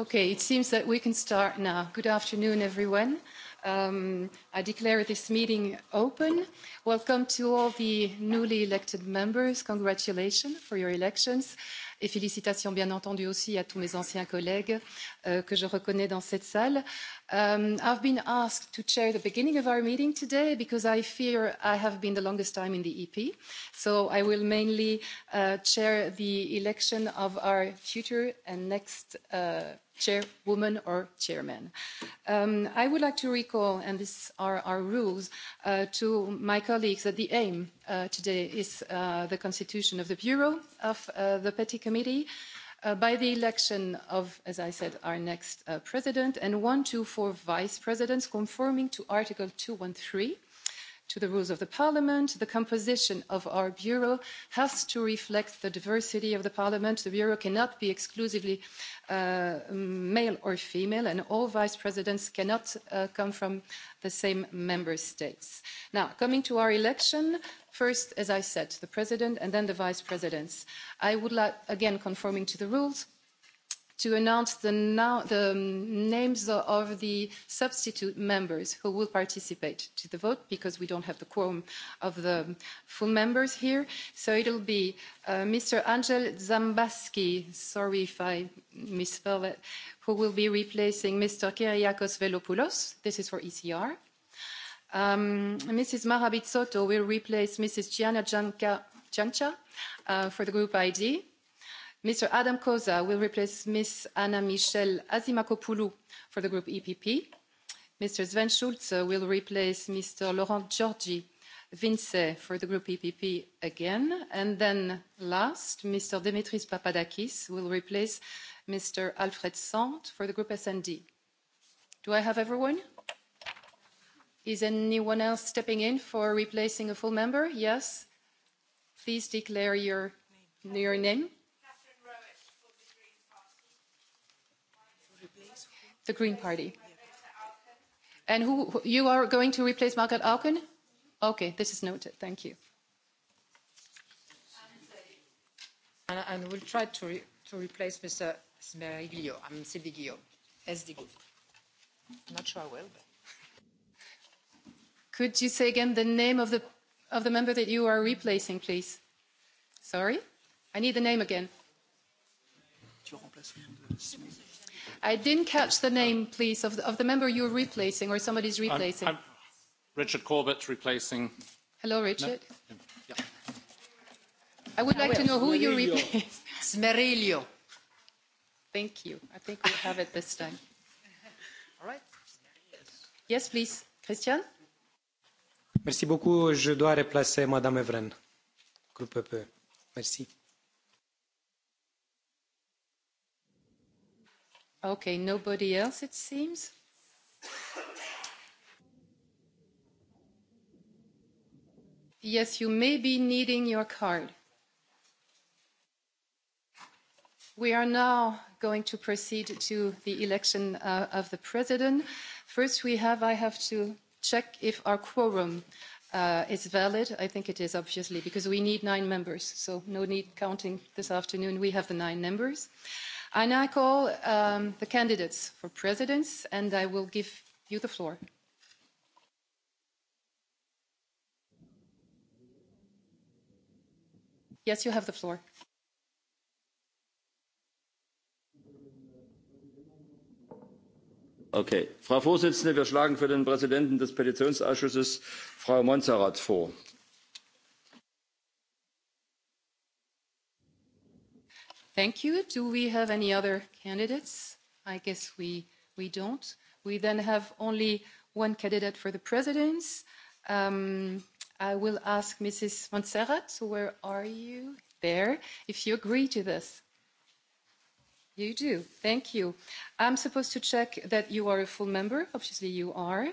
Okay, it seems that we can start now. Good afternoon, everyone. Um, I declare this meeting open. Welcome to all the newly elected members. Congratulations for your elections. Et félicitations, bien entendu, aussi à tous mes anciens collègues euh, que je reconnais dans cette salle. Um, I've been asked to chair the beginning of our meeting today because I fear I have been the longest time in the EP. So I will mainly uh, chair the election of our future and next uh, chairwoman or chairman. Um, I would like to recall, and these are our rules, uh, to my colleagues that the aim today is the constitution of the Bureau of the Petty Committee Uh, by the election of, as I said, our next uh, president and one to four vice presidents conforming to Article two 213 to the rules of the parliament the composition of our bureau has to reflect the diversity of the parliament. the bureau cannot be exclusively uh, male or female and all vice presidents cannot uh, come from the same member states. now coming to our election first as i said the president and then the vice presidents. i would like again conforming to the rules to announce the, um, names of the substitute members who will participate to the vote because we don't have the quorum of the full members here. So it will be uh, Mr. Angel Zambaski, sorry if I misspell it, who will be replacing Mr. Kyriakos Velopoulos. This is for ECR. Mrs. Um, Mara Bizzotto will replace Mrs. Gianna giannakou uh, for the group ID. Mr. Adam Koza will replace Ms. Anna Michelle Azimakopoulou for the group EPP. Mr. Sven Schulze uh, will replace Mr. Laurent Giorgi Vince for the group EPP again. And then last, Mr. Dimitris Papadakis will replace Mr. Alfred Sant for the group S&D. Do I have everyone? Is anyone else stepping in for replacing a full member? Yes. Please declare your name. the Green Party. And who, you are going to replace Margaret Auken? Okay, this is noted. Thank you. And, we'll try to, to replace Mr. Smerigio. I'm Sylvie Guillaume, Not sure I will, but. Could you say again the name of the, of the member that you are replacing, please? Sorry? I need the name again. Tu remplaces i didn't catch the name, please, of the, member you're replacing or somebody's replacing. Richard Corbett replacing. Hello, Richard. I would like to know who you replace. Smerilio. Thank you. I think we have it this time. All right. Yes, please. Christian? Merci beaucoup. Je dois remplacer Madame Evren, groupe PPE. Merci. Okay, nobody else it seems. Yes, you may be needing your card. We are now going to proceed to the election uh, of the president. First, we have, I have to check if our quorum uh, is valid. I think it is, obviously, because we need nine members, so no need counting this afternoon. We have the nine members i now call um, the candidates for presidents and i will give you the floor. yes you have the floor. Okay. frau Vorsitzende, wir schlagen für den präsidenten des petitionsausschusses frau montserrat vor. Thank you. Do we have any other candidates? I guess we, we don't. We then have only one candidate for the presidency. Um, I will ask Mrs. Montserrat, where are you? There, if you agree to this. You do. Thank you. I'm supposed to check that you are a full member. Obviously, you are.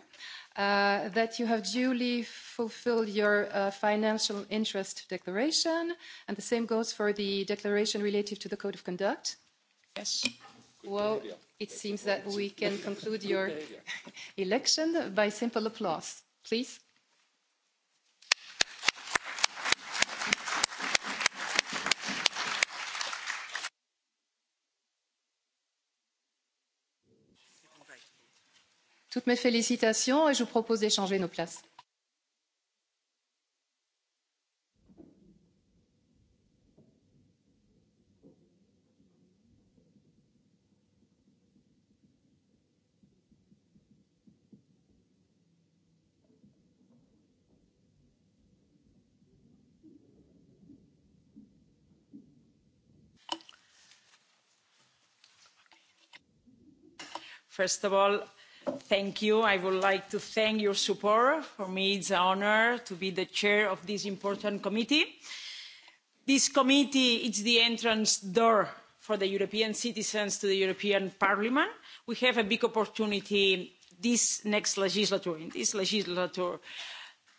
Uh, that you have duly fulfilled your uh, financial interest declaration, and the same goes for the declaration relative to the code of conduct. Yes. Well, it seems that we can conclude your election by simple applause. Please. toutes mes félicitations et je vous propose d'échanger nos places. first of all Thank you. I would like to thank your support. For me, it's an honour to be the chair of this important committee. This committee is the entrance door for the European citizens to the European Parliament. We have a big opportunity this next legislature, in this legislature,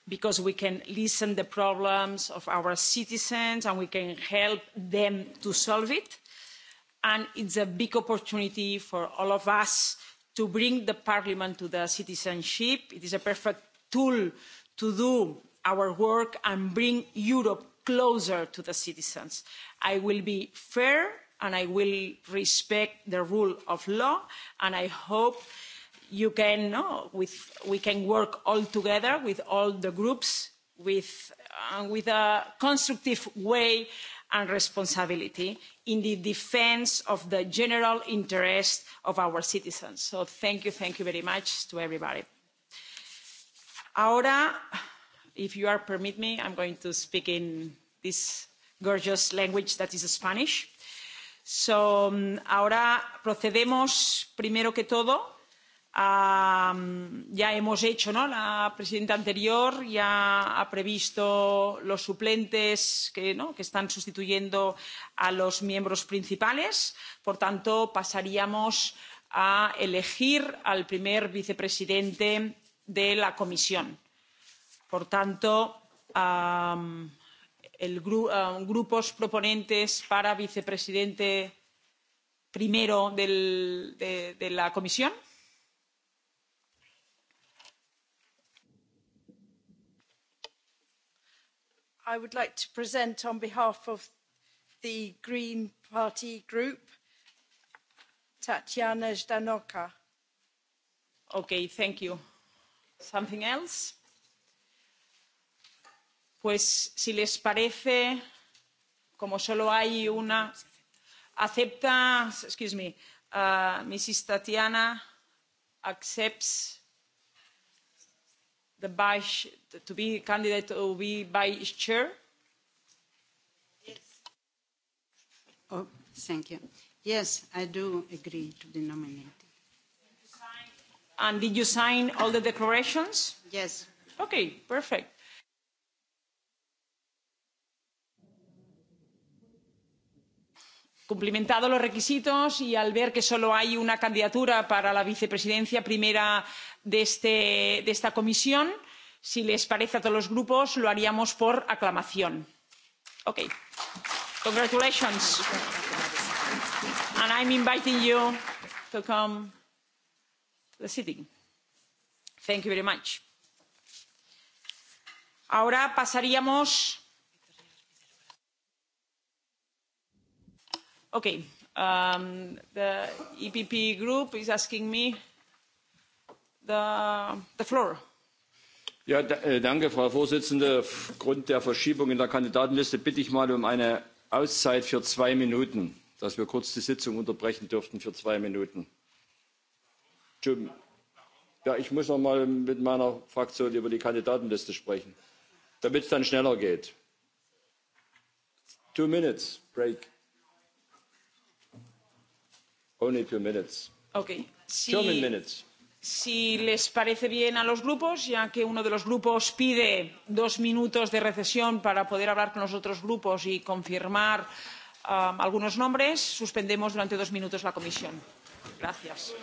because we can listen to the problems of our citizens and we can help them to solve it. And it's a big opportunity for all of us to bring the parliament to the citizenship. it is a perfect tool to do our work and bring europe closer to the citizens. i will be fair and i will respect the rule of law and i hope you can know we can work all together with all the groups with, uh, with a constructive way and responsibility in the defence of the general interest of our citizens. so thank you thank you very much to everybody. ahora if you are permit me i'm going to speak in this gorgeous language that is spanish. so um, ahora procedemos primero que todo Mm, ya hemos hecho ¿no? la presidenta anterior ya ha previsto los suplentes que, ¿no? que están sustituyendo a los miembros principales por tanto pasaríamos a elegir al primer vicepresidente de la comisión. por tanto um, el grupos proponentes para vicepresidente primero del, de la comisión i would like to present on behalf of the green party group Tatiana Danoka., Okay, thank you. Something else? Pues si les parece, como solo hay una, acepta, excuse me, uh, Mrs. Tatiana accepts the vice to be candidate or be vice chair? Yes. Oh, thank you. Yes, I do agree to be nominated. And did you sign all the declarations? Yes. Okay, perfect. cumplimentados los requisitos y al ver que solo hay una candidatura para la vicepresidencia primera de, esta comisión si les parece a todos los grupos lo haríamos por aclamación. congratulations and i'm inviting you to come the sitting. thank you very much. ahora pasaríamos Okay. Um, the EPP group is asking me the, the floor. Ja, äh, danke, Frau Vorsitzende. Aufgrund der Verschiebung in der Kandidatenliste bitte ich mal um eine Auszeit für zwei Minuten, dass wir kurz die Sitzung unterbrechen dürften für zwei Minuten. Ja, ich muss noch mal mit meiner Fraktion über die Kandidatenliste sprechen, damit es dann schneller geht. Two minutes break. Only two minutes. Okay. Si, minutes. les parece bien a los grupos, ya que uno de los grupos pide dos minutos de recesión para poder hablar con los otros grupos y confirmar um, algunos nombres, suspendemos durante dos minutos la comisión. Gracias.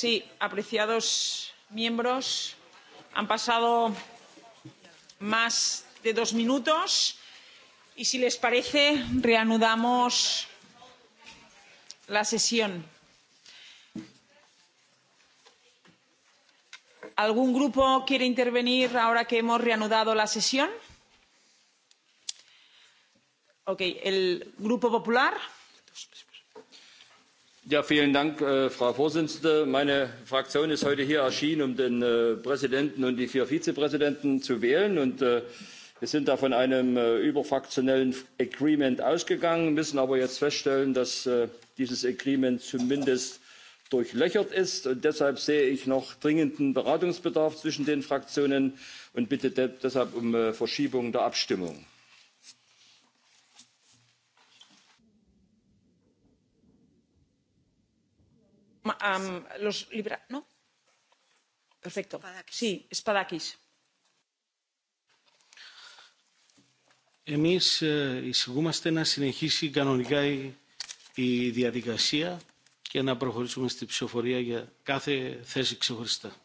Sí, apreciados miembros, han pasado más de dos minutos y, si les parece, reanudamos la sesión. ¿Algún grupo quiere intervenir ahora que hemos reanudado la sesión? el Grupo Popular. Äh, Frau Vorsitzende. Meine Fraktion ist heute hier erschienen, um den äh, Präsidenten und die vier Vizepräsidenten zu wählen. Und äh, wir sind da von einem überfraktionellen Agreement ausgegangen, müssen aber jetzt feststellen, dass dieses Agreement zumindest durchlöchert ist. Und deshalb sehe ich noch dringenden Beratungsbedarf zwischen den Fraktionen und bitte deshalb um Verschiebung der Abstimmung. Um, los libra... ¿No? Perfecto. Sí, Εμείς εισηγούμαστε να συνεχίσει κανονικά η, η διαδικασία και να προχωρήσουμε στη ψηφοφορία για κάθε θέση ξεχωριστά.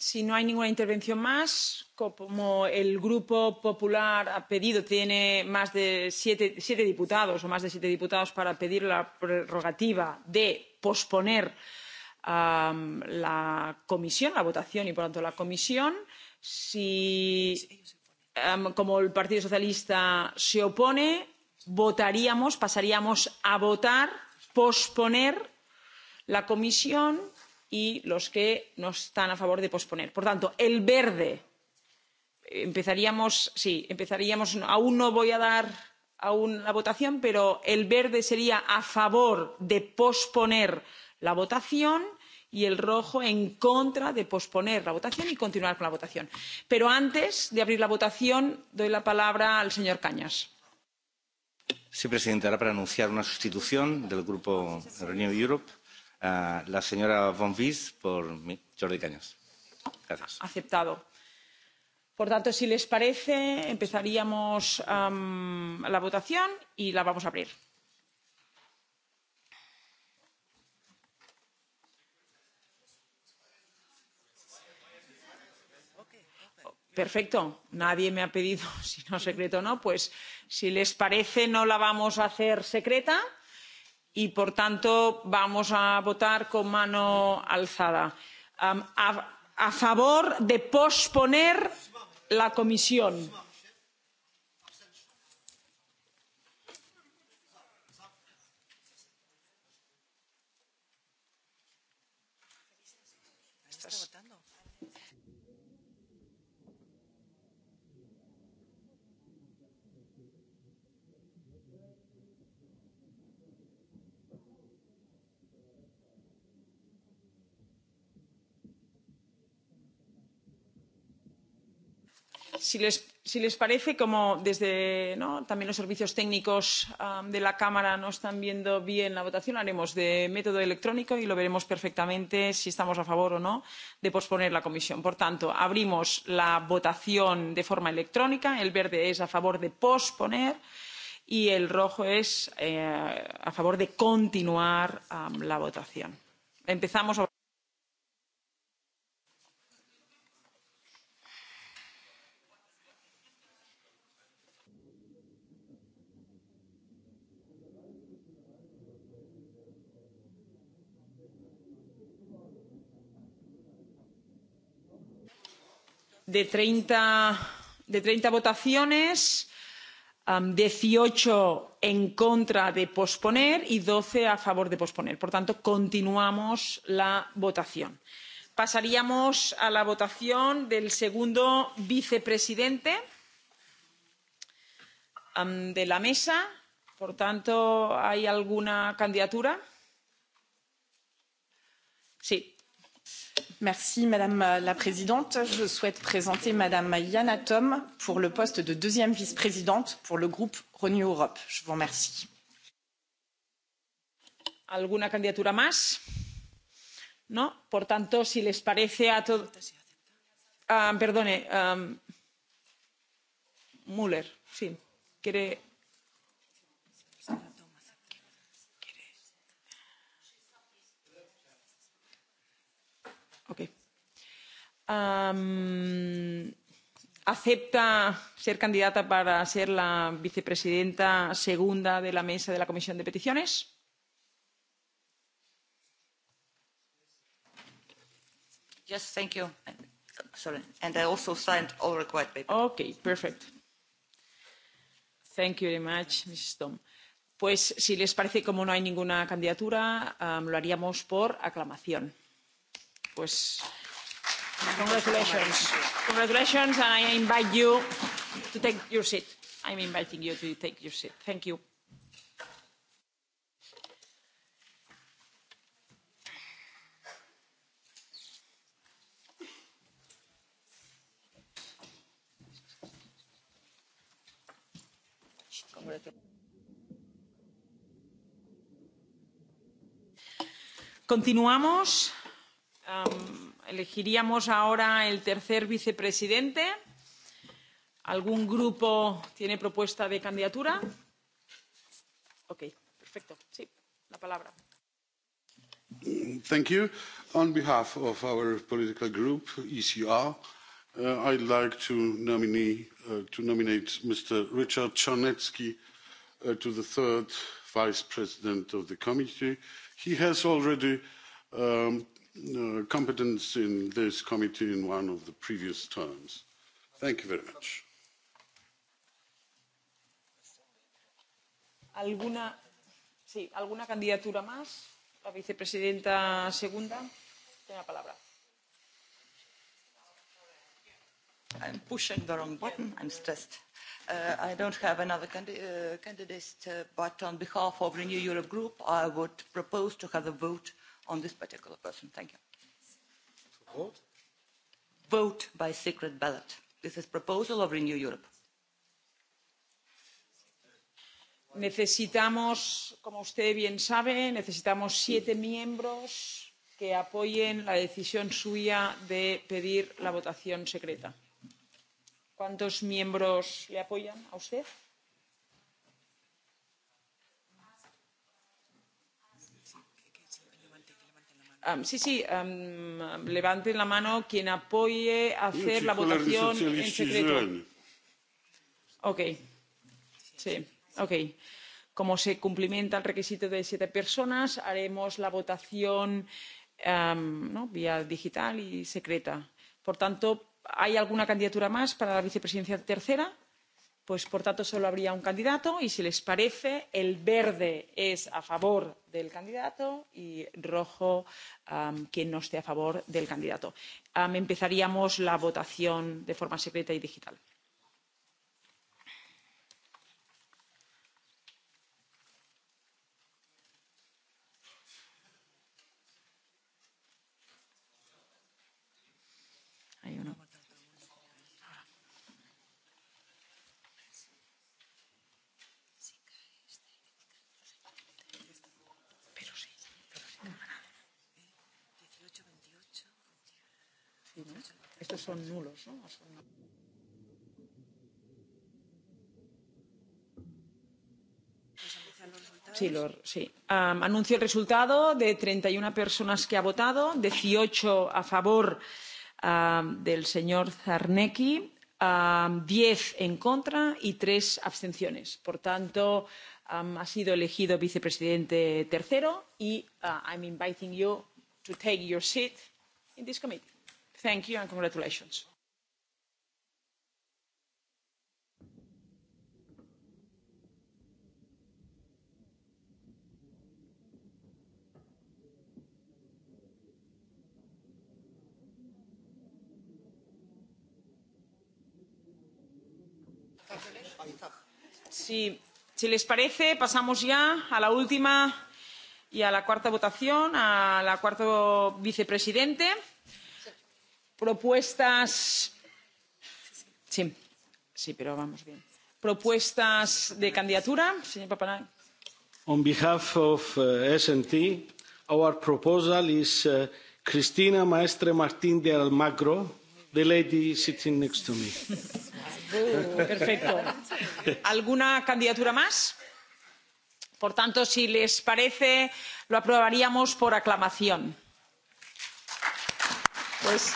si no hay ninguna intervención más como el grupo popular ha pedido tiene más de siete, diputados o más de siete diputados para pedir la prerrogativa de posponer la comisión la votación y por tanto la comisión si como el partido socialista se opone votaríamos pasaríamos a votar posponer la comisión y los que no están a favor de posponer. por tanto el verde empezaríamos sí empezaríamos aún no voy a dar aún la votación pero el verde sería a favor de posponer la votación y el rojo en contra de posponer la votación y continuar con la votación. pero antes de abrir la votación doy la palabra al señor cañas. sí presidente, era para anunciar una sustitución del grupo renew europe la señora von Wies por Jordi Cañas. Gracias. Aceptado. Por tanto, si les parece, empezaríamos la votación y la vamos a abrir. Perfecto. Nadie me ha pedido si no secreto o no. Pues si les parece, no la vamos a hacer secreta y por tanto vamos a votar con mano alzada a, favor de posponer la comisión. si les, parece, como desde ¿no? también los servicios técnicos de la Cámara no están viendo bien la votación, haremos de método electrónico y lo veremos perfectamente si estamos a favor o no de posponer la comisión. Por tanto, abrimos la votación de forma electrónica. El verde es a favor de posponer y el rojo es eh, a favor de continuar la votación. Empezamos. de treinta votaciones dieciocho en contra de posponer y doce a favor de posponer. por tanto continuamos la votación. pasaríamos a la votación del segundo vicepresidente de la mesa. por tanto hay alguna candidatura? sí Merci Madame la Présidente. Je souhaite présenter Madame Yana toom pour le poste de deuxième vice-présidente pour le groupe Renew Europe. Je vous remercie. ¿Alguna candidatura más? No. Por tanto, si les parece a todos. Ah, perdone. Ah, Müller, sí. ¿Quiere acepta ser candidata para ser la vicepresidenta segunda de la mesa de la comisión de peticiones? Yes, thank you. Sorry. And I also signed all required papers. Okay, perfect. Thank you very much, Pues si les parece, como no hay ninguna candidatura, lo haríamos por aclamación pues congratulations. Congratulations and I invite you to take your seat. I'm inviting you to take your seat. Thank you. Continuamos um, elegiríamos ahora el tercer vicepresidente. ¿Algún grupo tiene propuesta de candidatura? Ok, perfecto. Sí, la palabra. Mm, thank you. On behalf of our political group, ECR, uh, I'd like to, nominee, uh, to nominate Mr. Richard Czarnecki uh, to the third Vice President of the Committee. He has already um, Uh, competence in this committee in one of the previous terms. Thank you very much. ¿Alguna, sí, ¿alguna candidatura más? La vicepresidenta segunda tiene la palabra. I'm pushing the wrong button. I'm stressed. Uh, I don't have another candi uh, candidate, uh, but on behalf of Renew Europe Group, I would propose to have a vote on this particular person. Thank you. vote? Vote by secret ballot. This is proposal of Renew Europe. Necesitamos, como usted bien sabe, necesitamos siete miembros que apoyen la decisión suya de pedir la votación secreta. ¿Cuántos miembros le apoyan a usted? sí, sí, levanten la mano quien apoye hacer la votación en secreto. Ok. Como se cumplimenta el requisito de siete personas, haremos la votación ¿no? vía digital y secreta. Por tanto, ¿hay alguna candidatura más para la vicepresidencia tercera? pues por tanto solo habría un candidato y si les parece el verde es a favor del candidato y rojo quien no esté a favor del candidato. empezaríamos la votación de forma secreta y digital. Sí, lo, sí. Um, anuncio el resultado de 31 personas que ha votado, 18 a favor um, del señor Zarnecki, um, 10 en contra y 3 abstenciones. Por tanto, um, ha sido elegido vicepresidente tercero y uh, I'm inviting you to take your seat in this committee. Thank you and congratulations. Si, les parece, pasamos ya a la última y a la cuarta votación, a la cuarto vicepresidente. Propuestas. Sí, sí, pero vamos bien. Propuestas de candidatura, señor Papanay. On behalf of uh, S&T, our proposal is uh, Cristina Maestre Martín de Almagro, the lady sitting next to me. Uh, perfecto. alguna candidatura más? por tanto si les parece lo aprobaríamos por aclamación. pues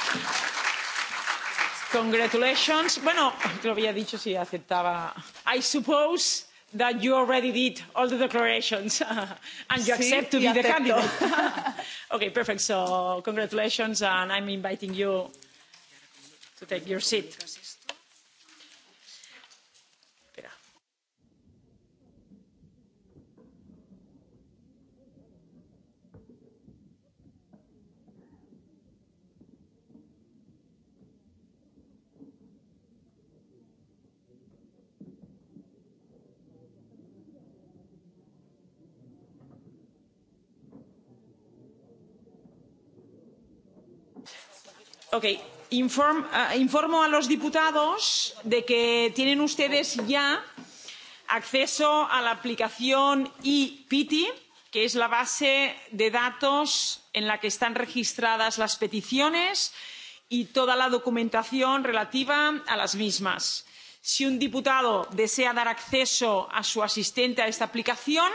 congratulations. bueno lo había dicho si aceptaba. i suppose that you already did all the declarations and you sí, accept to be the candidate. okay perfect so congratulations and i'm inviting you to take your seat. Eh, informo a los diputados de que tienen ustedes ya acceso a la aplicación epiti que es la base de datos en la que están registradas las peticiones y toda la documentación relativa a las mismas. si un diputado desea dar acceso a su asistente a esta aplicación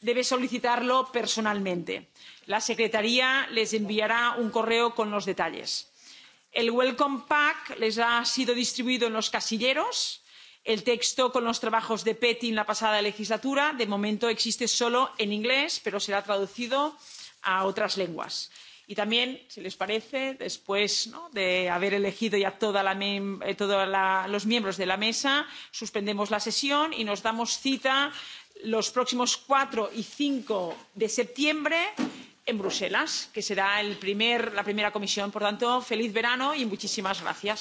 debe solicitarlo personalmente. la secretaría les enviará un correo con los detalles el welcome pack les ha sido distribuido en los casilleros el texto con los trabajos de peti en la pasada legislatura de momento existe solo en inglés pero será traducido a otras lenguas y también si les parece después de haber elegido ya todos eh, los miembros de la mesa suspendemos la sesión y nos damos cita los próximos cuatro y cinco de septiembre en bruselas que será el primer, la primera comisión. por tanto feliz verano y muchísimas gracias.